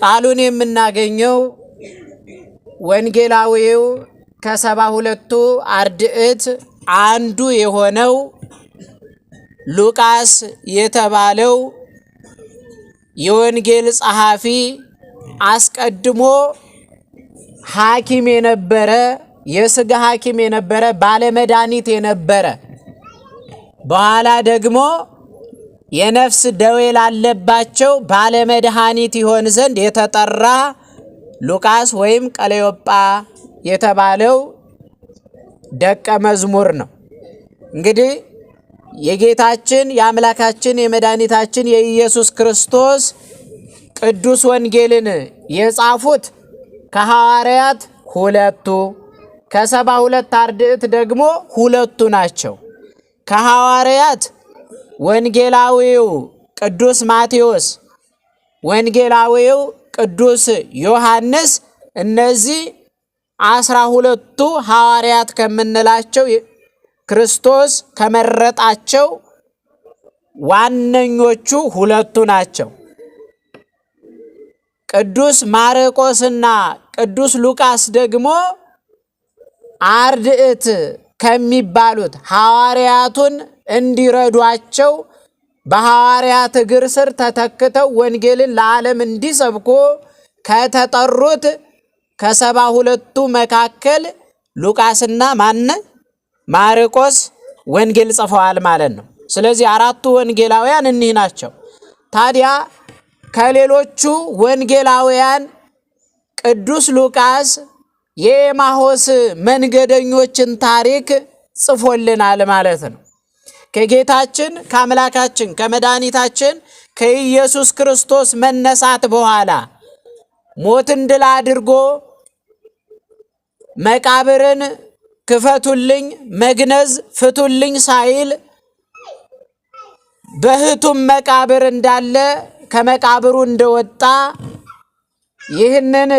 ቃሉን የምናገኘው ወንጌላዊው ከሰባ ሁለቱ አርድዕት አንዱ የሆነው ሉቃስ የተባለው የወንጌል ጸሐፊ አስቀድሞ ሐኪም የነበረ የስጋ ሐኪም የነበረ ባለመድኃኒት የነበረ በኋላ ደግሞ የነፍስ ደዌ ላለባቸው ባለመድኃኒት ይሆን ዘንድ የተጠራ ሉቃስ ወይም ቀለዮጳ የተባለው ደቀ መዝሙር ነው። እንግዲህ የጌታችን የአምላካችን የመድኃኒታችን የኢየሱስ ክርስቶስ ቅዱስ ወንጌልን የጻፉት ከሐዋርያት ሁለቱ ከሰባ ሁለት አርድእት ደግሞ ሁለቱ ናቸው። ከሐዋርያት ወንጌላዊው ቅዱስ ማቴዎስ፣ ወንጌላዊው ቅዱስ ዮሐንስ እነዚህ አስራ ሁለቱ ሐዋርያት ከምንላቸው ክርስቶስ ከመረጣቸው ዋነኞቹ ሁለቱ ናቸው። ቅዱስ ማርቆስና ቅዱስ ሉቃስ ደግሞ አርድእት ከሚባሉት ሐዋርያቱን እንዲረዷቸው በሐዋርያት እግር ስር ተተክተው ወንጌልን ለዓለም እንዲሰብኩ ከተጠሩት ከሰባ ሁለቱ መካከል ሉቃስና ማነ ማርቆስ ወንጌል ጽፈዋል ማለት ነው። ስለዚህ አራቱ ወንጌላውያን እኒህ ናቸው። ታዲያ ከሌሎቹ ወንጌላውያን ቅዱስ ሉቃስ የኤማሆስ መንገደኞችን ታሪክ ጽፎልናል ማለት ነው። ከጌታችን ከአምላካችን ከመድኃኒታችን ከኢየሱስ ክርስቶስ መነሳት በኋላ ሞትን ድል አድርጎ መቃብርን ክፈቱልኝ፣ መግነዝ ፍቱልኝ ሳይል በህቱም መቃብር እንዳለ ከመቃብሩ እንደወጣ ይህንን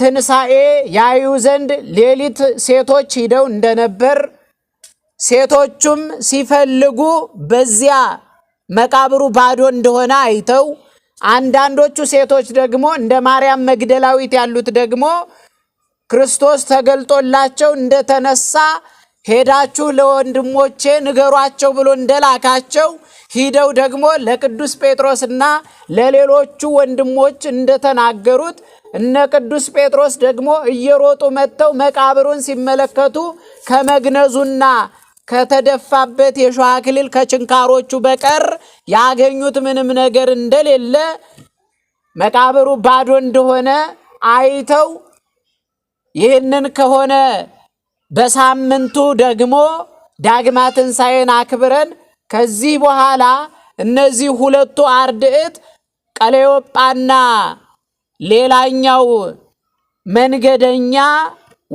ትንሣኤ ያዩ ዘንድ ሌሊት ሴቶች ሂደው እንደነበር ሴቶቹም ሲፈልጉ በዚያ መቃብሩ ባዶ እንደሆነ አይተው፣ አንዳንዶቹ ሴቶች ደግሞ እንደ ማርያም መግደላዊት ያሉት ደግሞ ክርስቶስ ተገልጦላቸው እንደተነሳ ሄዳችሁ ለወንድሞቼ ንገሯቸው ብሎ እንደላካቸው ሂደው ደግሞ ለቅዱስ ጴጥሮስና ለሌሎቹ ወንድሞች እንደተናገሩት እነ ቅዱስ ጴጥሮስ ደግሞ እየሮጡ መጥተው መቃብሩን ሲመለከቱ ከመግነዙና ከተደፋበት የእሾህ አክሊል ከችንካሮቹ በቀር ያገኙት ምንም ነገር እንደሌለ መቃብሩ ባዶ እንደሆነ አይተው ይህንን ከሆነ በሳምንቱ ደግሞ ዳግማ ትንሣኤን አክብረን ከዚህ በኋላ እነዚህ ሁለቱ አርድዕት ቀለዮጳና ሌላኛው መንገደኛ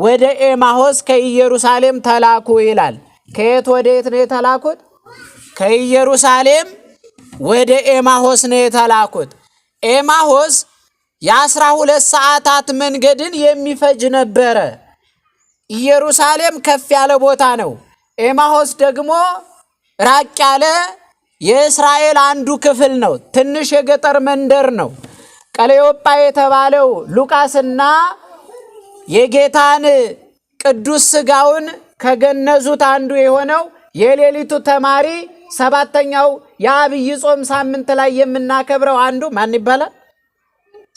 ወደ ኤማሆስ ከኢየሩሳሌም ተላኩ ይላል። ከየት ወደ የት ነው የተላኩት? ከኢየሩሳሌም ወደ ኤማሆስ ነው የተላኩት። ኤማሆስ የአስራ ሁለት ሰዓታት መንገድን የሚፈጅ ነበረ። ኢየሩሳሌም ከፍ ያለ ቦታ ነው። ኤማሆስ ደግሞ ራቅ ያለ የእስራኤል አንዱ ክፍል ነው። ትንሽ የገጠር መንደር ነው። ቀለዮጳ የተባለው ሉቃስና የጌታን ቅዱስ ሥጋውን ከገነዙት አንዱ የሆነው የሌሊቱ ተማሪ ሰባተኛው የአብይ ጾም ሳምንት ላይ የምናከብረው አንዱ ማን ይባላል?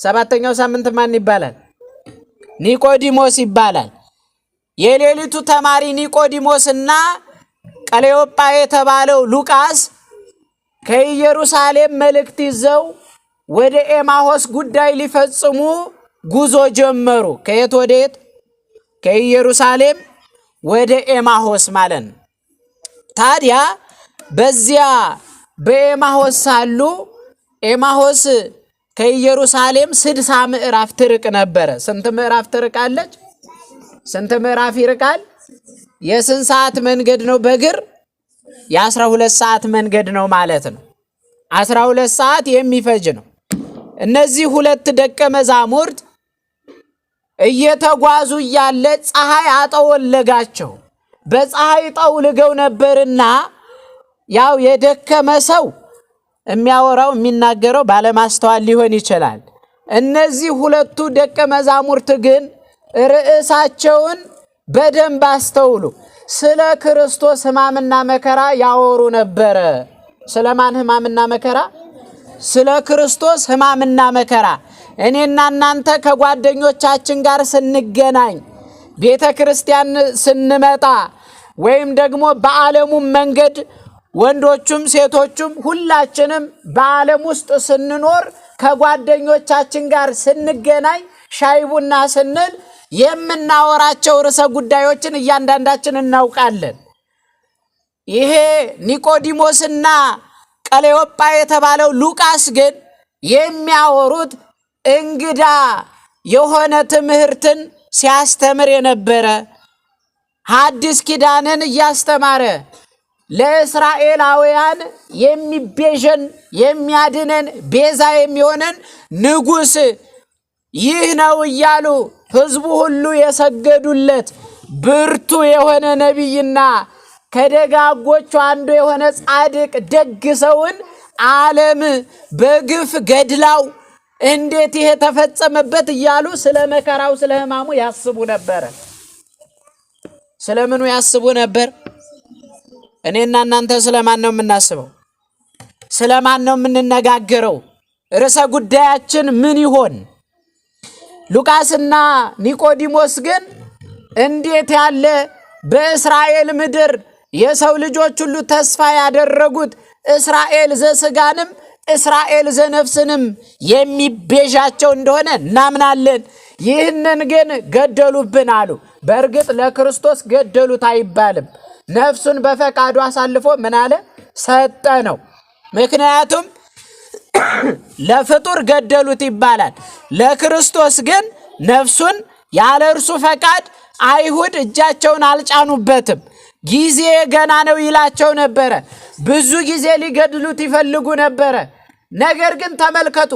ሰባተኛው ሳምንት ማን ይባላል? ኒቆዲሞስ ይባላል። የሌሊቱ ተማሪ ኒቆዲሞስ እና ቀሌዮጳ የተባለው ሉቃስ ከኢየሩሳሌም መልእክት ይዘው ወደ ኤማሆስ ጉዳይ ሊፈጽሙ ጉዞ ጀመሩ። ከየት ወደ የት? ከኢየሩሳሌም ወደ ኤማሆስ ማለት ነው። ታዲያ በዚያ በኤማሆስ ሳሉ ኤማሆስ ከኢየሩሳሌም ስድሳ ምዕራፍ ትርቅ ነበረ። ስንት ምዕራፍ ትርቃለች? ስንት ምዕራፍ ይርቃል? የስንት ሰዓት መንገድ ነው? በእግር የአስራ ሁለት ሰዓት መንገድ ነው ማለት ነው። አስራ ሁለት ሰዓት የሚፈጅ ነው። እነዚህ ሁለት ደቀ መዛሙርት እየተጓዙ እያለ ፀሐይ አጠወለጋቸው። በፀሐይ ጠውልገው ነበርና ያው የደከመ ሰው የሚያወራው የሚናገረው ባለማስተዋል ሊሆን ይችላል። እነዚህ ሁለቱ ደቀ መዛሙርት ግን ርዕሳቸውን በደንብ አስተውሉ። ስለ ክርስቶስ ሕማምና መከራ ያወሩ ነበረ። ስለ ማን ሕማምና መከራ? ስለ ክርስቶስ ሕማምና መከራ እኔና እናንተ ከጓደኞቻችን ጋር ስንገናኝ፣ ቤተ ክርስቲያን ስንመጣ፣ ወይም ደግሞ በዓለሙም መንገድ ወንዶቹም ሴቶቹም ሁላችንም በዓለም ውስጥ ስንኖር ከጓደኞቻችን ጋር ስንገናኝ ሻይ ቡና ስንል የምናወራቸው ርዕሰ ጉዳዮችን እያንዳንዳችን እናውቃለን። ይሄ ኒቆዲሞስና ቀሌዮጳ የተባለው ሉቃስ ግን የሚያወሩት እንግዳ የሆነ ትምህርትን ሲያስተምር የነበረ ሐዲስ ኪዳንን እያስተማረ ለእስራኤላውያን የሚቤዥን የሚያድነን ቤዛ የሚሆነን ንጉሥ ይህ ነው እያሉ ሕዝቡ ሁሉ የሰገዱለት ብርቱ የሆነ ነቢይና ከደጋጎቹ አንዱ የሆነ ጻድቅ ደግ ሰውን ዓለም በግፍ ገድላው እንዴት ይሄ ተፈጸመበት እያሉ ስለ መከራው ስለ ሕማሙ ያስቡ ነበረ። ስለምኑ ያስቡ ነበር? እኔና እናንተ ስለማን ነው የምናስበው? ስለማን ነው የምንነጋገረው? ርዕሰ ጉዳያችን ምን ይሆን? ሉቃስና ኒቆዲሞስ ግን እንዴት ያለ በእስራኤል ምድር የሰው ልጆች ሁሉ ተስፋ ያደረጉት እስራኤል ዘስጋንም እስራኤል ዘነፍስንም የሚቤዣቸው እንደሆነ እናምናለን። ይህንን ግን ገደሉብን አሉ። በእርግጥ ለክርስቶስ ገደሉት አይባልም። ነፍሱን በፈቃዱ አሳልፎ ምን አለ ሰጠ ነው። ምክንያቱም ለፍጡር ገደሉት ይባላል። ለክርስቶስ ግን ነፍሱን ያለ እርሱ ፈቃድ አይሁድ እጃቸውን አልጫኑበትም። ጊዜ ገና ነው ይላቸው ነበረ። ብዙ ጊዜ ሊገድሉት ይፈልጉ ነበረ። ነገር ግን ተመልከቱ፣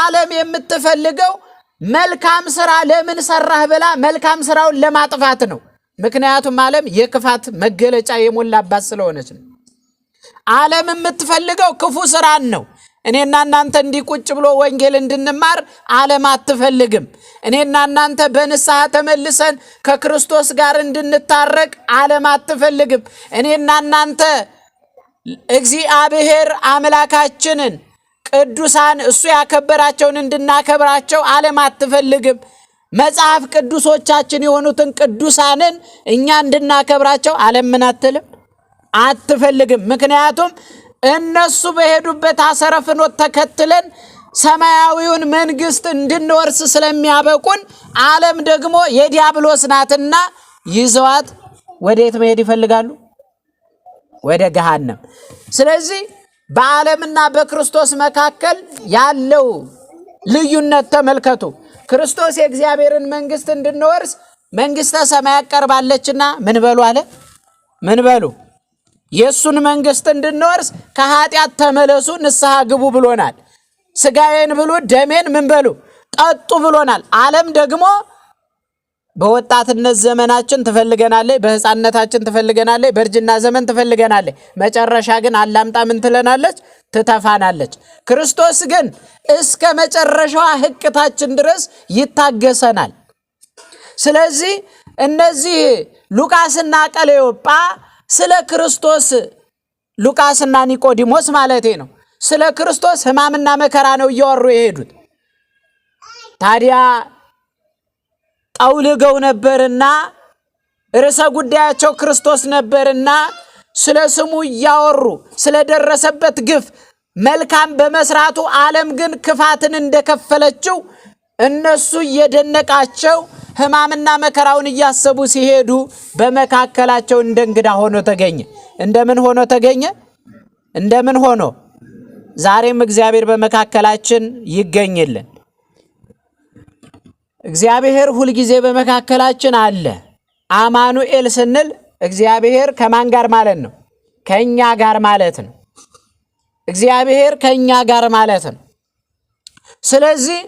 ዓለም የምትፈልገው መልካም ስራ ለምን ሰራህ ብላ መልካም ስራውን ለማጥፋት ነው። ምክንያቱም ዓለም የክፋት መገለጫ የሞላባት ስለሆነች ነው። ዓለም የምትፈልገው ክፉ ስራን ነው። እኔና እናንተ እንዲህ ቁጭ ብሎ ወንጌል እንድንማር ዓለም አትፈልግም። እኔና እናንተ በንስሐ ተመልሰን ከክርስቶስ ጋር እንድንታረቅ ዓለም አትፈልግም። እኔና እናንተ እግዚአብሔር አምላካችንን ቅዱሳን እሱ ያከበራቸውን እንድናከብራቸው ዓለም አትፈልግም። መጽሐፍ ቅዱሶቻችን የሆኑትን ቅዱሳንን እኛ እንድናከብራቸው ዓለም ምን አትልም አትፈልግም። ምክንያቱም እነሱ በሄዱበት አሰረ ፍኖት ተከትለን ሰማያዊውን መንግስት እንድንወርስ ስለሚያበቁን ዓለም ደግሞ የዲያብሎስ ናትና ይዘዋት ወዴት መሄድ ይፈልጋሉ? ወደ ገሃነም። ስለዚህ በዓለምና በክርስቶስ መካከል ያለው ልዩነት ተመልከቱ። ክርስቶስ የእግዚአብሔርን መንግስት እንድንወርስ መንግስተ ሰማያት ቀርባለችና ምን በሉ አለ ምን በሉ የእሱን መንግስት እንድንወርስ ከኃጢአት ተመለሱ፣ ንስሐ ግቡ ብሎናል። ስጋዬን ብሉ፣ ደሜን ምን በሉ ጠጡ ብሎናል። ዓለም ደግሞ በወጣትነት ዘመናችን ትፈልገናለች፣ በህፃነታችን ትፈልገናለች፣ በእርጅና ዘመን ትፈልገናለች። መጨረሻ ግን አላምጣ ምን ትለናለች? ትተፋናለች። ክርስቶስ ግን እስከ መጨረሻዋ ህቅታችን ድረስ ይታገሰናል። ስለዚህ እነዚህ ሉቃስና ቀሌዮጳ ስለ ክርስቶስ ሉቃስና ኒቆዲሞስ ማለቴ ነው። ስለ ክርስቶስ ሕማምና መከራ ነው እያወሩ የሄዱት። ታዲያ ጠውልገው ነበርና ርዕሰ ጉዳያቸው ክርስቶስ ነበርና ስለ ስሙ እያወሩ ስለደረሰበት ግፍ መልካም በመስራቱ ዓለም ግን ክፋትን እንደከፈለችው እነሱ እየደነቃቸው ሕማምና መከራውን እያሰቡ ሲሄዱ በመካከላቸው እንደ እንግዳ ሆኖ ተገኘ። እንደምን ሆኖ ተገኘ? እንደምን ሆኖ ዛሬም እግዚአብሔር በመካከላችን ይገኝልን። እግዚአብሔር ሁልጊዜ በመካከላችን አለ። አማኑኤል ስንል እግዚአብሔር ከማን ጋር ማለት ነው? ከእኛ ጋር ማለት ነው። እግዚአብሔር ከእኛ ጋር ማለት ነው። ስለዚህ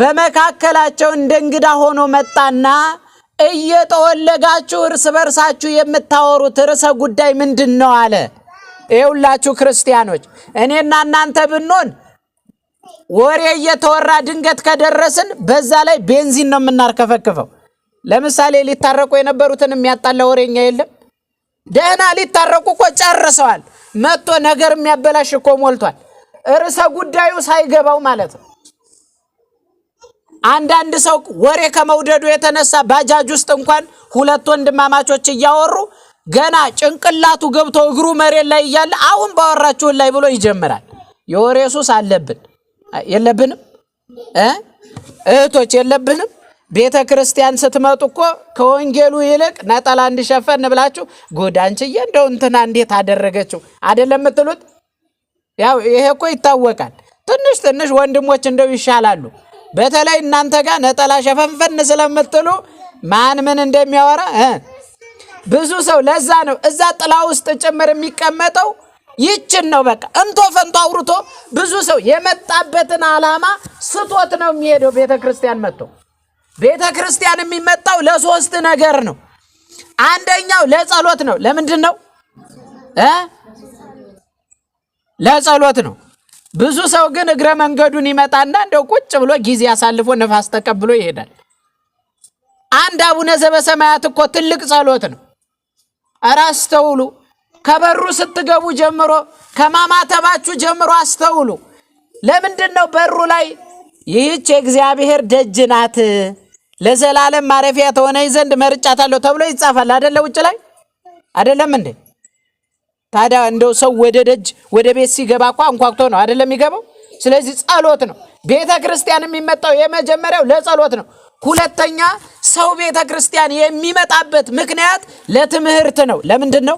በመካከላቸው እንደ እንግዳ ሆኖ መጣና እየጠወለጋችሁ እርስ በርሳችሁ የምታወሩት ርዕሰ ጉዳይ ምንድን ነው አለ። ይኸውላችሁ ክርስቲያኖች፣ እኔና እናንተ ብንሆን ወሬ እየተወራ ድንገት ከደረስን በዛ ላይ ቤንዚን ነው የምናርከፈክፈው። ለምሳሌ ሊታረቁ የነበሩትን የሚያጣላ ወሬኛ የለም። ደህና ሊታረቁ እኮ ጨርሰዋል። መጥቶ ነገር የሚያበላሽ እኮ ሞልቷል። ርዕሰ ጉዳዩ ሳይገባው ማለት ነው። አንዳንድ ሰው ወሬ ከመውደዱ የተነሳ ባጃጅ ውስጥ እንኳን ሁለት ወንድማማቾች እያወሩ ገና ጭንቅላቱ ገብቶ እግሩ መሬት ላይ እያለ አሁን ባወራችሁን ላይ ብሎ ይጀምራል። የወሬ ሱስ አለብን የለብንም? እህቶች የለብንም? ቤተ ክርስቲያን ስትመጡ እኮ ከወንጌሉ ይልቅ ነጠላ እንዲሸፈን ብላችሁ ጎዳ እንደው እንትና እንዴት አደረገችው አይደለም የምትሉት? ያው ይሄ እኮ ይታወቃል። ትንሽ ትንሽ ወንድሞች እንደው ይሻላሉ። በተለይ እናንተ ጋር ነጠላ ሸፈንፈን ስለምትሉ ማን ምን እንደሚያወራ ብዙ ሰው ለዛ ነው እዛ ጥላ ውስጥ ጭምር የሚቀመጠው ይችን ነው በቃ እንቶ ፈንቶ አውርቶ ብዙ ሰው የመጣበትን አላማ ስቶት ነው የሚሄደው። ቤተ ክርስቲያን መጥቶ ቤተ ክርስቲያን የሚመጣው ለሶስት ነገር ነው። አንደኛው ለጸሎት ነው። ለምንድን ነው? ለጸሎት ነው። ብዙ ሰው ግን እግረ መንገዱን ይመጣና እንደው ቁጭ ብሎ ጊዜ አሳልፎ ነፋስ ተቀብሎ ይሄዳል። አንድ አቡነ ዘበሰማያት እኮ ትልቅ ጸሎት ነው። እረ አስተውሉ። ከበሩ ስትገቡ ጀምሮ ከማማተባችሁ ጀምሮ አስተውሉ። ለምንድን ነው በሩ ላይ ይህች የእግዚአብሔር ደጅ ናት ለዘላለም ማረፊያ ተሆነኝ ዘንድ መርጫታለሁ ተብሎ ይጻፋል? አደለ? ውጭ ላይ አደለም እንዴ? ታዲያ እንደው ሰው ወደ ደጅ ወደ ቤት ሲገባ እኳ እንኳኩቶ ነው አደለ የሚገባው። ስለዚህ ጸሎት ነው። ቤተ ክርስቲያን የሚመጣው የመጀመሪያው ለጸሎት ነው። ሁለተኛ ሰው ቤተ ክርስቲያን የሚመጣበት ምክንያት ለትምህርት ነው። ለምንድን ነው?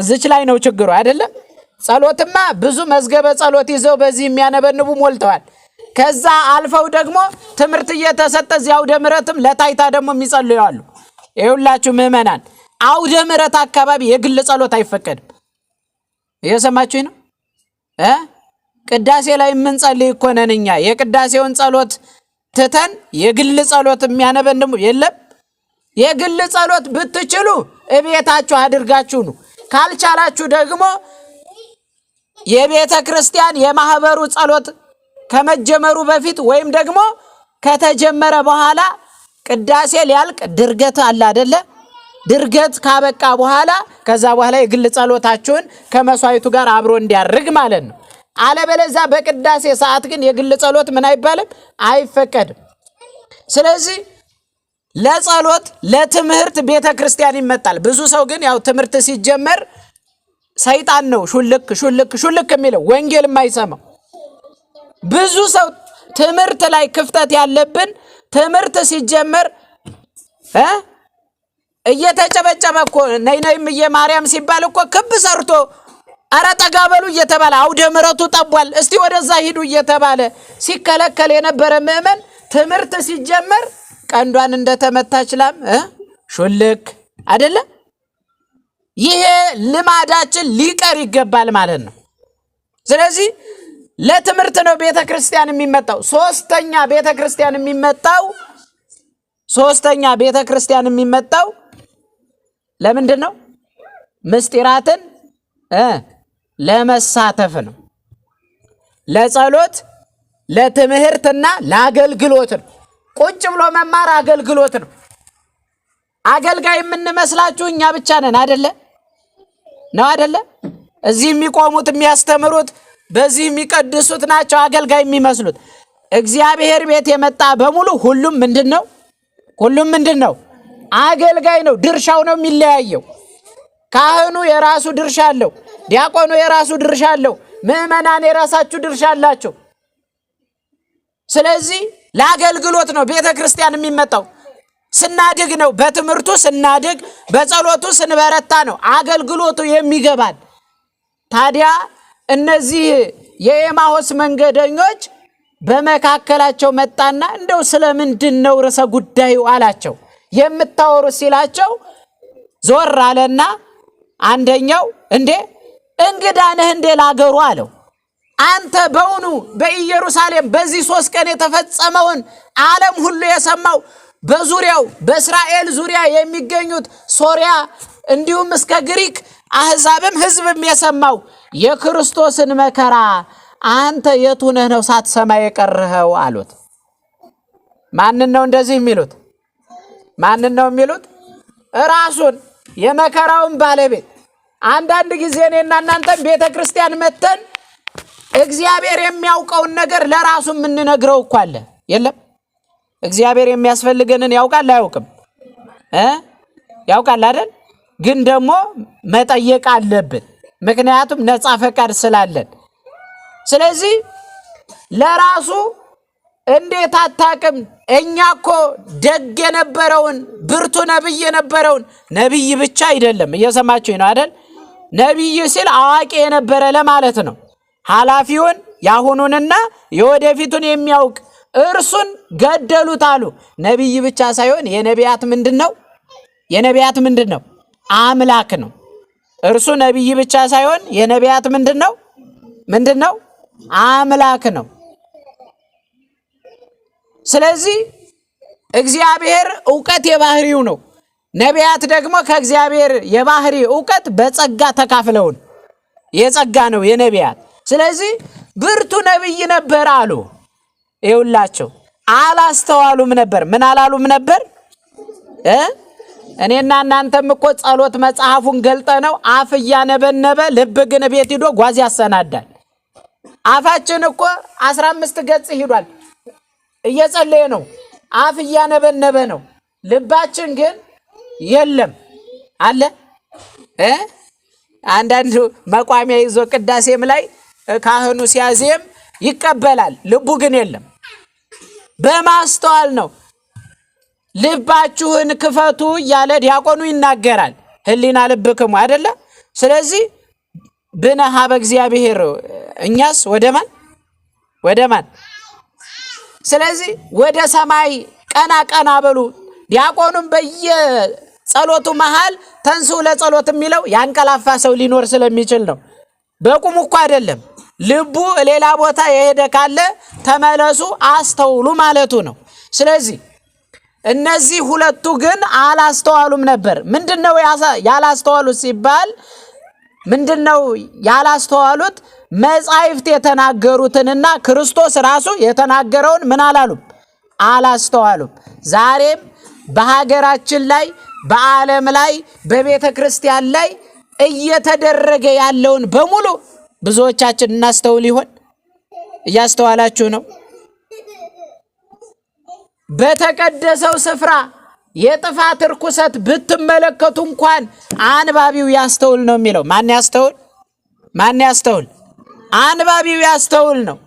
እዚች ላይ ነው ችግሩ አይደለም። ጸሎትማ ብዙ መዝገበ ጸሎት ይዘው በዚህ የሚያነበንቡ ሞልተዋል። ከዛ አልፈው ደግሞ ትምህርት እየተሰጠ እዚያው ደምረትም ለታይታ ደግሞ የሚጸልዩ አሉ። ይኸውላችሁ ምዕመናን አውደ ምሕረት አካባቢ የግል ጸሎት አይፈቀድም። እየሰማችሁ ነው እ ቅዳሴ ላይ የምንጸልይ እኮ ነን እኛ። የቅዳሴውን ጸሎት ትተን የግል ጸሎት የሚያነበንድሙ የለም። የግል ጸሎት ብትችሉ እቤታችሁ አድርጋችሁ ነው። ካልቻላችሁ ደግሞ የቤተ ክርስቲያን የማህበሩ ጸሎት ከመጀመሩ በፊት ወይም ደግሞ ከተጀመረ በኋላ ቅዳሴ ሊያልቅ ድርገት አለ አደለም? ድርገት ካበቃ በኋላ ከዛ በኋላ የግል ጸሎታችሁን ከመስዋዕቱ ጋር አብሮ እንዲያርግ ማለት ነው። አለበለዛ በቅዳሴ ሰዓት ግን የግል ጸሎት ምን አይባልም፣ አይፈቀድም። ስለዚህ ለጸሎት ለትምህርት ቤተ ክርስቲያን ይመጣል። ብዙ ሰው ግን ያው ትምህርት ሲጀመር ሰይጣን ነው ሹልክ ሹልክ ሹልክ የሚለው ወንጌል የማይሰማው ብዙ ሰው ትምህርት ላይ ክፍተት ያለብን ትምህርት ሲጀመር እየተጨበጨበ እኮ ነይ ነይ ማርያም ሲባል እኮ ክብ ሰርቶ አረ ጠጋ እየተባለ አውደ ምረቱ ጠቧል፣ እስቲ ወደዛ ሂዱ እየተባለ ሲከለከል የነበረ ምዕመን ትምህርት ሲጀመር ቀንዷን እንደተመታች ላም ሹልክ አይደለ? ይሄ ልማዳችን ሊቀር ይገባል ማለት ነው። ስለዚህ ለትምህርት ነው ቤተ ክርስቲያን የሚመጣው። ሶስተኛ ቤተ ክርስቲያን የሚመጣው ሶስተኛ ቤተ ክርስቲያን የሚመጣው ለምንድን ነው? ምስጢራትን ለመሳተፍ ነው። ለጸሎት፣ ለትምህርትና ለአገልግሎት ነው። ቁጭ ብሎ መማር አገልግሎት ነው። አገልጋይ የምንመስላችሁ እኛ ብቻ ነን አደለ? ነው አደለ? እዚህ የሚቆሙት የሚያስተምሩት፣ በዚህ የሚቀድሱት ናቸው አገልጋይ የሚመስሉት። እግዚአብሔር ቤት የመጣ በሙሉ ሁሉም ምንድን ነው? ሁሉም ምንድን ነው? አገልጋይ ነው። ድርሻው ነው የሚለያየው። ካህኑ የራሱ ድርሻ አለው። ዲያቆኑ የራሱ ድርሻ አለው። ምዕመናን የራሳችሁ ድርሻ አላቸው። ስለዚህ ለአገልግሎት ነው ቤተ ክርስቲያን የሚመጣው። ስናድግ ነው በትምህርቱ ስናድግ፣ በጸሎቱ ስንበረታ ነው አገልግሎቱ የሚገባል። ታዲያ እነዚህ የኤማሆስ መንገደኞች በመካከላቸው መጣና እንደው ስለምንድን ነው ርዕሰ ጉዳዩ አላቸው። የምታወሩት ሲላቸው ዞር አለና አንደኛው እንዴ እንግዳ ነህ እንዴ ላገሩ አለው። አንተ በውኑ በኢየሩሳሌም በዚህ ሶስት ቀን የተፈጸመውን ዓለም ሁሉ የሰማው በዙሪያው በእስራኤል ዙሪያ የሚገኙት ሶሪያ እንዲሁም እስከ ግሪክ አሕዛብም ሕዝብም የሰማው የክርስቶስን መከራ አንተ የቱነህ ነው ነው ሳትሰማ የቀረኸው አሉት። ማንን ነው እንደዚህ የሚሉት? ማንን ነው የሚሉት? ራሱን የመከራውን ባለቤት። አንዳንድ ጊዜ እኔና እናንተን ቤተ ክርስቲያን መተን እግዚአብሔር የሚያውቀውን ነገር ለራሱ የምንነግረው እኮ አለ። የለም እግዚአብሔር የሚያስፈልገንን ያውቃል አያውቅም? ያውቃል አይደል? ግን ደግሞ መጠየቅ አለብን፣ ምክንያቱም ነፃ ፈቃድ ስላለን። ስለዚህ ለራሱ እንዴት አታቅም? እኛ እኮ ደግ የነበረውን ብርቱ ነቢይ የነበረውን ነቢይ ብቻ አይደለም። እየሰማችሁኝ ነው አይደል? ነቢይ ሲል አዋቂ የነበረ ለማለት ነው። ኃላፊውን የአሁኑንና የወደፊቱን የሚያውቅ እርሱን ገደሉት አሉ። ነቢይ ብቻ ሳይሆን የነቢያት ምንድን ነው? የነቢያት ምንድን ነው? አምላክ ነው። እርሱ ነቢይ ብቻ ሳይሆን የነቢያት ምንድን ነው? ምንድን ነው? አምላክ ነው። ስለዚህ እግዚአብሔር እውቀት የባህሪው ነው። ነቢያት ደግሞ ከእግዚአብሔር የባህሪ እውቀት በጸጋ ተካፍለውን የጸጋ ነው የነቢያት። ስለዚህ ብርቱ ነቢይ ነበር አሉ። ይውላቸው አላስተዋሉም ነበር። ምን አላሉም ነበር? እኔና እናንተም እኮ ጸሎት መጽሐፉን ገልጠ ነው አፍ እያነበነበ ልብ ግን ቤት ሂዶ ጓዝ ያሰናዳል። አፋችን እኮ አስራ አምስት ገጽ ሂዷል። እየጸለየ ነው። አፍ እያነበነበ ነው። ልባችን ግን የለም አለ አንዳንዱ መቋሚያ ይዞ ቅዳሴም ላይ ካህኑ ሲያዜም ይቀበላል። ልቡ ግን የለም። በማስተዋል ነው። ልባችሁን ክፈቱ እያለ ዲያቆኑ ይናገራል። ህሊና ልብክሙ አይደለ? ስለዚህ ብነሃ በእግዚአብሔር እኛስ ወደ ማን ወደ ማን ስለዚህ ወደ ሰማይ ቀና ቀና በሉ። ዲያቆኑም በየጸሎቱ መሃል ተንሱ ለጸሎት የሚለው ያንቀላፋ ሰው ሊኖር ስለሚችል ነው። በቁሙ እኮ አይደለም። ልቡ ሌላ ቦታ የሄደ ካለ ተመለሱ፣ አስተውሉ ማለቱ ነው። ስለዚህ እነዚህ ሁለቱ ግን አላስተዋሉም ነበር። ምንድን ነው ያላስተዋሉት ሲባል ምንድን ነው ያላስተዋሉት? መጻሕፍት የተናገሩትንና ክርስቶስ ራሱ የተናገረውን ምን አላሉም? አላስተዋሉም። ዛሬም በሀገራችን ላይ በዓለም ላይ በቤተ ክርስቲያን ላይ እየተደረገ ያለውን በሙሉ ብዙዎቻችን እናስተውል ይሆን? እያስተዋላችሁ ነው? በተቀደሰው ስፍራ የጥፋት ርኩሰት ብትመለከቱ እንኳን አንባቢው ያስተውል ነው የሚለው። ማን ያስተውል? ማን ያስተውል? አንባቢው ያስተውል ነው።